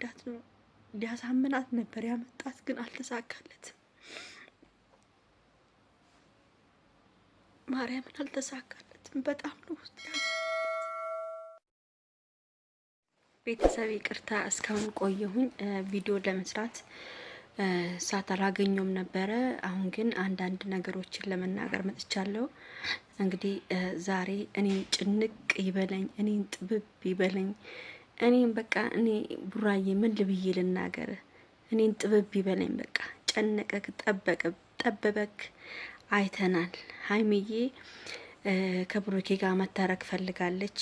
ሊወዳት ነው ሊያሳምናት ነበር ያመጣት፣ ግን አልተሳካለትም። ማርያምን አልተሳካለትም። በጣም ነው ውስጥ ቤተሰብ ይቅርታ እስካሁን ቆየሁኝ። ቪዲዮ ለመስራት ሳት አላገኘውም ነበረ። አሁን ግን አንዳንድ ነገሮችን ለመናገር መጥቻለሁ። እንግዲህ ዛሬ እኔን ጭንቅ ይበለኝ፣ እኔን ጥብብ ይበለኝ እኔም በቃ እኔ ቡራዬ ምን ልብዬ ልናገር? እኔን ጥበብ ይበለኝ በቃ ጨነቀክ፣ ጠበቅ ጠበበክ። አይተናል። ሀይሚዬ ከብሩኬ ጋር መታረቅ ፈልጋለች።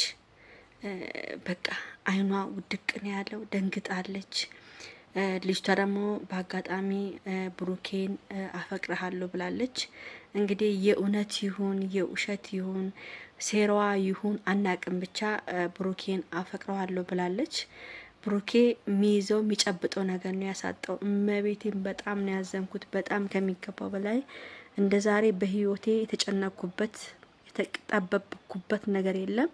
በቃ አይኗ ውድቅ ነው ያለው። ደንግጣለች። ልጅቷ ደግሞ በአጋጣሚ ብሩኬን አፈቅረሃለሁ ብላለች። እንግዲህ የእውነት ይሁን የውሸት ይሁን ሴራዋ ይሁን አናቅም፣ ብቻ ብሩኬን አፈቅረዋለሁ ብላለች። ብሩኬ የሚይዘው የሚጨብጠው ነገር ነው ያሳጣው። እመቤቴን በጣም ነው ያዘንኩት፣ በጣም ከሚገባው በላይ እንደ ዛሬ በህይወቴ የተጨነኩበት ያልተጠበብኩበት ነገር የለም።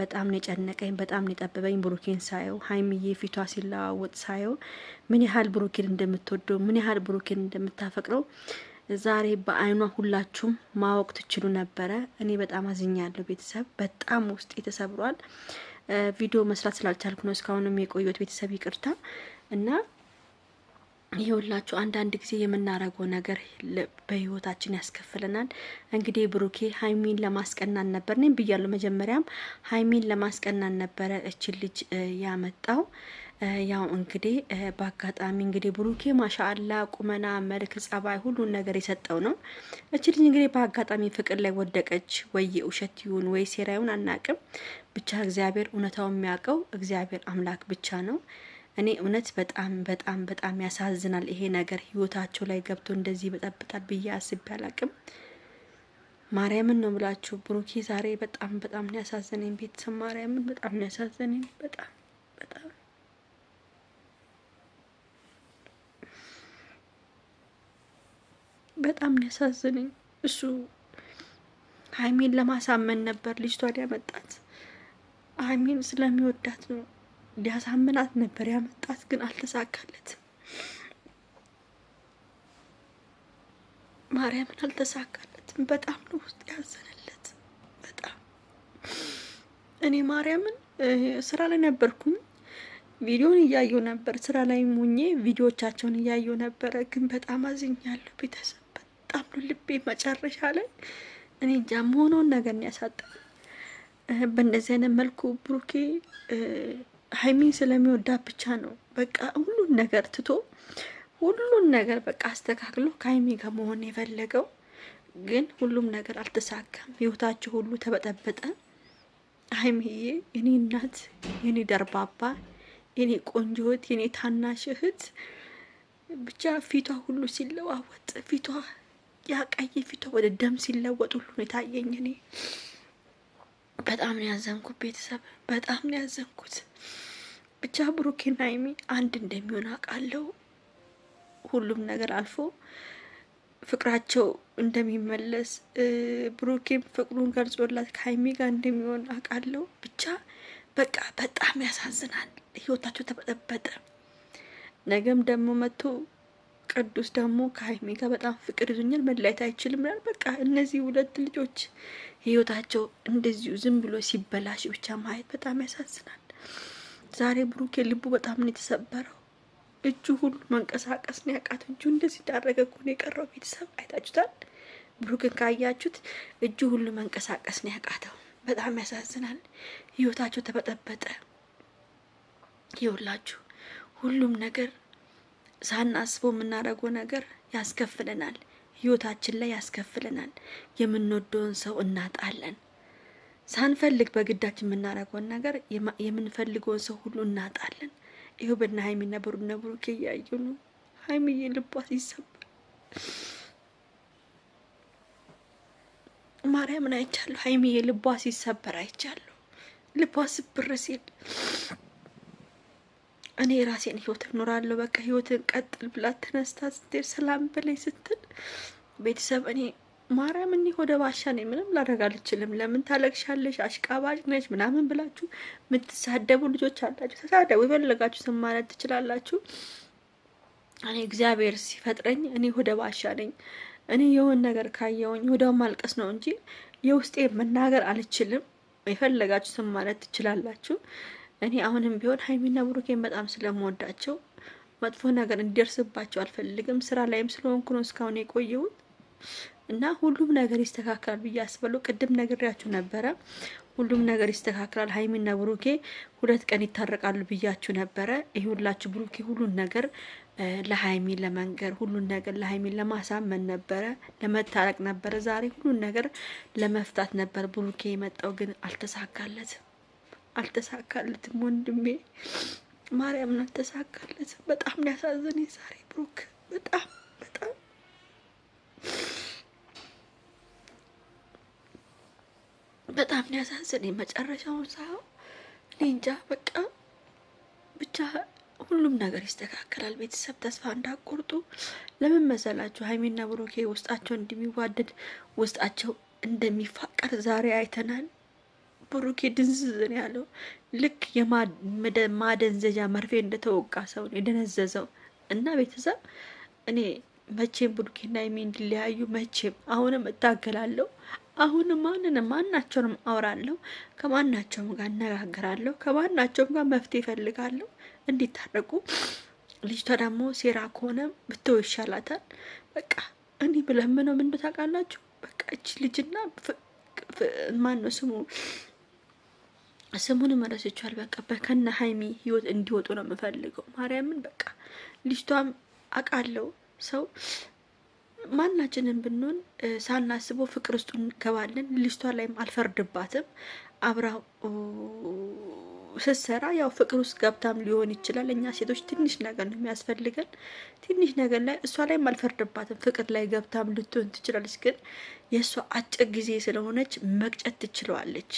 በጣም ነው የጨነቀኝ፣ በጣም ነው የጠበበኝ። ብሩኬን ሳየው ሀይሚዬ ፊቷ ሲለዋወጥ ሳየው ምን ያህል ብሩኬን እንደምትወደው ምን ያህል ብሩኬን እንደምታፈቅረው ዛሬ በአይኗ ሁላችሁም ማወቅ ትችሉ ነበረ። እኔ በጣም አዝኛለሁ ቤተሰብ፣ በጣም ውስጤ ተሰብሯል። ቪዲዮ መስራት ስላልቻልኩ ነው እስካሁንም የቆየሁት ቤተሰብ ይቅርታ እና ይኸውላችሁ አንዳንድ ጊዜ የምናረገው ነገር በህይወታችን ያስከፍለናል። እንግዲህ ብሩኬ ሀይሚን ለማስቀናን ነበር፣ ኔም ብያለሁ መጀመሪያም ሀይሚን ለማስቀናን ነበረ እችን ልጅ ያመጣው። ያው እንግዲህ በአጋጣሚ እንግዲህ ብሩኬ ማሻአላ ቁመና፣ መልክ፣ ጸባይ፣ ሁሉን ነገር የሰጠው ነው። እች ልጅ እንግዲህ በአጋጣሚ ፍቅር ላይ ወደቀች። ወይ ውሸት ይሁን ወይ ሴራ ይሁን አናቅም፣ ብቻ እግዚአብሔር እውነታው የሚያውቀው እግዚአብሔር አምላክ ብቻ ነው። እኔ እውነት በጣም በጣም በጣም ያሳዝናል ይሄ ነገር ህይወታቸው ላይ ገብቶ እንደዚህ ይበጠብጣል ብዬ አስቤ አላቅም። ማርያምን ነው ብላችሁ ብሩኬ ዛሬ በጣም በጣም ነው ያሳዘነኝ። ቤተሰብ ማርያምን በጣም ነው ያሳዘነኝ። በጣም በጣም በጣም ነው ያሳዘነኝ። እሱ ሀይሜን ለማሳመን ነበር ልጅቷን ያመጣት። ሀይሜን ስለሚወዳት ነው እንዲያሳምናት ነበር ያመጣት፣ ግን አልተሳካለትም። ማርያምን አልተሳካለትም። በጣም ነው ውስጥ ያዘነለት። በጣም እኔ ማርያምን ስራ ላይ ነበርኩኝ ቪዲዮን እያየው ነበር። ስራ ላይ ሙኜ ቪዲዮቻቸውን እያየው ነበረ። ግን በጣም አዝኛለሁ ቤተሰብ፣ በጣም ነው ልቤ። መጨረሻ ላይ እኔ እንጃ መሆነውን ነገር ያሳጣል። በእንደዚህ አይነት መልኩ ብሩኬ ሀይሚን ስለሚወዳት ብቻ ነው። በቃ ሁሉን ነገር ትቶ ሁሉን ነገር በቃ አስተካክሎ ከሀይሚ ጋር መሆን የፈለገው ግን ሁሉም ነገር አልተሳካም። ህይወታቸው ሁሉ ተበጠበጠ። ሀይሚዬ የኔ እናት፣ የኔ ደርባባ፣ የኔ ቆንጆት የኔ ታናሽ እህት ብቻ ፊቷ ሁሉ ሲለዋወጥ ፊቷ ያቀይ ፊቷ ወደ ደም ሲለወጥ ሁሉ ነው የታየኝ እኔ በጣም ነው ያዘንኩት። ቤተሰብ በጣም ነው ያዘንኩት። ብቻ ብሩኬና አይሚ አንድ እንደሚሆን አውቃለሁ። ሁሉም ነገር አልፎ ፍቅራቸው እንደሚመለስ ብሩኬም ፍቅሩን ገልጾላት ከአይሚ ጋር እንደሚሆን አውቃለሁ። ብቻ በቃ በጣም ያሳዝናል። ህይወታቸው ተበጠበጠ። ነገም ደግሞ መጥቶ ቅዱስ ደግሞ ከሀይሜ ጋር በጣም ፍቅር ይዞኛል፣ መላይት አይችልም ይላል። በቃ እነዚህ ሁለት ልጆች ህይወታቸው እንደዚሁ ዝም ብሎ ሲበላሽ ብቻ ማየት በጣም ያሳዝናል። ዛሬ ብሩኬ ልቡ በጣም ነው የተሰበረው። እጁ ሁሉ መንቀሳቀስ ነው ያቃት። እጁ እንደዚህ እንዳረገ እኮ ነው የቀረው። ቤተሰብ አይታችሁታል። ብሩክን ካያችሁት እጁ ሁሉ መንቀሳቀስ ነው ያቃተው። በጣም ያሳዝናል። ህይወታቸው ተበጠበጠ። ይኸውላችሁ ሁሉም ነገር ሳናስበው የምናደርገው ነገር ያስከፍለናል፣ ህይወታችን ላይ ያስከፍለናል። የምንወደውን ሰው እናጣለን። ሳንፈልግ በግዳችን የምናደርገውን ነገር የምንፈልገውን ሰው ሁሉ እናጣለን። ይኸው በእነ ሀይሚ ነበሩ ነብሩ እያዩ ነው። ሀይሚዬ ልቧት ይሰማል። ማርያምን አይቻለሁ። ሀይሚዬ ልቧ ሲሰበር አይቻለሁ። ልቧ ስብር ሲል እኔ የራሴን ህይወት እኖራለሁ፣ በቃ ህይወትን ቀጥል ብላ ተነስታ ስትሄድ ሰላም በለኝ ስትል ቤተሰብ እኔ ማርያም እኔ ወደ ባሻ ነኝ፣ ምንም ላደርግ አልችልም፣ ለምን ታለቅሻለሽ፣ አሽቃባጭ ነች ምናምን ብላችሁ የምትሳደቡ ልጆች አላችሁ፣ ተሳደቡ፣ የፈለጋችሁ ስም ማለት ትችላላችሁ። እኔ እግዚአብሔር ሲፈጥረኝ እኔ ወደ ባሻ ነኝ። እኔ የሆን ነገር ካየውኝ ወደ ማልቀስ ነው እንጂ የውስጤ መናገር አልችልም። የፈለጋችሁ ስም ማለት ትችላላችሁ። እኔ አሁንም ቢሆን ሀይሚና ብሩኬን በጣም ስለምወዳቸው መጥፎ ነገር እንዲደርስባቸው አልፈልግም። ስራ ላይም ስለሆንኩ ነው እስካሁን የቆየሁት እና ሁሉም ነገር ይስተካከላል ብዬ አስባለሁ። ቅድም ነግሬያችሁ ነበረ። ሁሉም ነገር ይስተካከላል፣ ሀይሚና ብሩኬ ሁለት ቀን ይታረቃሉ ብያችሁ ነበረ። ሁላችሁ ብሩኬ ሁሉን ነገር ለሀይሚ ለመንገር ሁሉን ነገር ለሀይሚ ለማሳመን ነበረ፣ ለመታረቅ ነበረ። ዛሬ ሁሉን ነገር ለመፍታት ነበር ብሩኬ የመጣው ግን አልተሳካለትም። አልተሳካለትም። ወንድሜ ማርያምን አልተሳካለትም። በጣም ሊያሳዝን የዛሬ ብሩክ በጣም በጣም በጣም ሊያሳዝን መጨረሻውን ሳየው እኔ እንጃ በቃ ብቻ ሁሉም ነገር ይስተካከላል። ቤተሰብ ተስፋ እንዳቆርጡ ለምን መሰላችሁ? ሀይሜና ብሩኬ ውስጣቸው እንደሚዋደድ ውስጣቸው እንደሚፋቀር ዛሬ አይተናል። ብሩኬ ድንዝዝን ያለው። ልክ የማደንዘዣ መርፌ እንደተወቃ ሰው ነው የደነዘዘው። እና ቤተሰብ እኔ መቼም ብሩኬና ሀይሚ እንዲለያዩ መቼም አሁንም እታገላለሁ። አሁንም ማንንም ማናቸውንም አውራለሁ፣ ከማናቸውም ጋር እነጋገራለሁ፣ ከማናቸውም ጋር መፍትሄ ይፈልጋለሁ እንዲታረቁ። ልጅቷ ደግሞ ሴራ ከሆነ ብትው ይሻላታል። በቃ እኔ ብለምነው ምንዶ ታውቃላችሁ። በቃ እች ልጅና ማን ነው ስሙ ስሙን መረስቻል። በቃ በከነ ሀይሚ ህይወት እንዲወጡ ነው የምፈልገው። ማርያምን በቃ ልጅቷም አቃለው ሰው ማናችንም ብንሆን ሳናስበው ፍቅር ውስጡ እንገባለን። ልጅቷ ላይም አልፈርድባትም። አብራ ስትሰራ ያው ፍቅር ውስጥ ገብታም ሊሆን ይችላል። እኛ ሴቶች ትንሽ ነገር ነው የሚያስፈልገን። ትንሽ ነገር ላይ እሷ ላይም አልፈርድባትም። ፍቅር ላይ ገብታም ልትሆን ትችላለች። ግን የእሷ አጭር ጊዜ ስለሆነች መቅጨት ትችለዋለች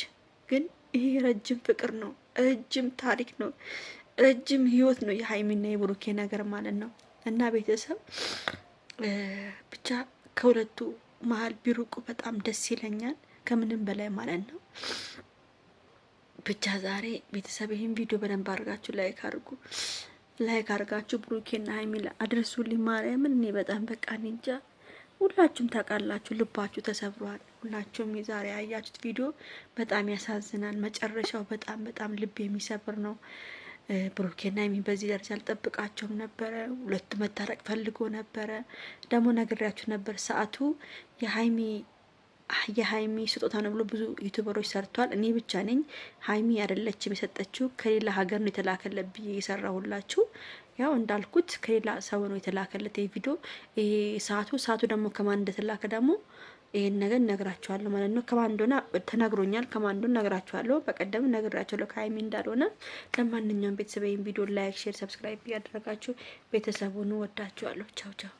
ግን ይሄ ረጅም ፍቅር ነው፣ ረጅም ታሪክ ነው፣ ረጅም ህይወት ነው የሀይሚና የብሩኬ ነገር ማለት ነው። እና ቤተሰብ ብቻ ከሁለቱ መሀል ቢሩቁ በጣም ደስ ይለኛል፣ ከምንም በላይ ማለት ነው። ብቻ ዛሬ ቤተሰብ ይህን ቪዲዮ በደንብ አድርጋችሁ ላይክ አድርጉ። ላይክ አድርጋችሁ ብሩኬና ሀይሚ አድርሱልኝ። ማርያምን እኔ በጣም በቃ እንጃ ሁላችሁም ታውቃላችሁ፣ ልባችሁ ተሰብሯል። ሁላችሁም የዛሬ ያያችሁት ቪዲዮ በጣም ያሳዝናል። መጨረሻው በጣም በጣም ልብ የሚሰብር ነው። ብሩኬና ሀይሚ በዚህ ደረጃ አልጠብቃቸውም ነበረ። ሁለቱ መታረቅ ፈልጎ ነበረ። ደግሞ ነግሬያችሁ ነበር ሰዓቱ የሀይሚ የሀይሚ ስጦታ ነው ብሎ ብዙ ዩቱበሮች ሰርቷል። እኔ ብቻ ነኝ ሀይሚ አይደለችም የሰጠችው፣ ከሌላ ሀገር ነው ብዬ የሰራሁላችሁ ያው እንዳልኩት ከሌላ ሰው ነው የተላከለት ቪዲዮ። ይሄ ሰዓቱ ሰዓቱ ደግሞ ከማን እንደተላከ ደግሞ ይሄን ነገር ነግራቸዋለሁ ማለት ነው። ከማን እንደሆነ ተነግሮኛል። ከማን እንደሆነ ነግራቸዋለሁ። በቀደም ነግራቸዋለሁ ከሀይሚ እንዳልሆነ። ለማንኛውም ቤተሰብ ይሄን ቪዲዮ ላይክ፣ ሼር፣ ሰብስክራይብ እያደረጋችሁ ቤተሰቡን ወዳችኋለሁ። ቻው ቻው።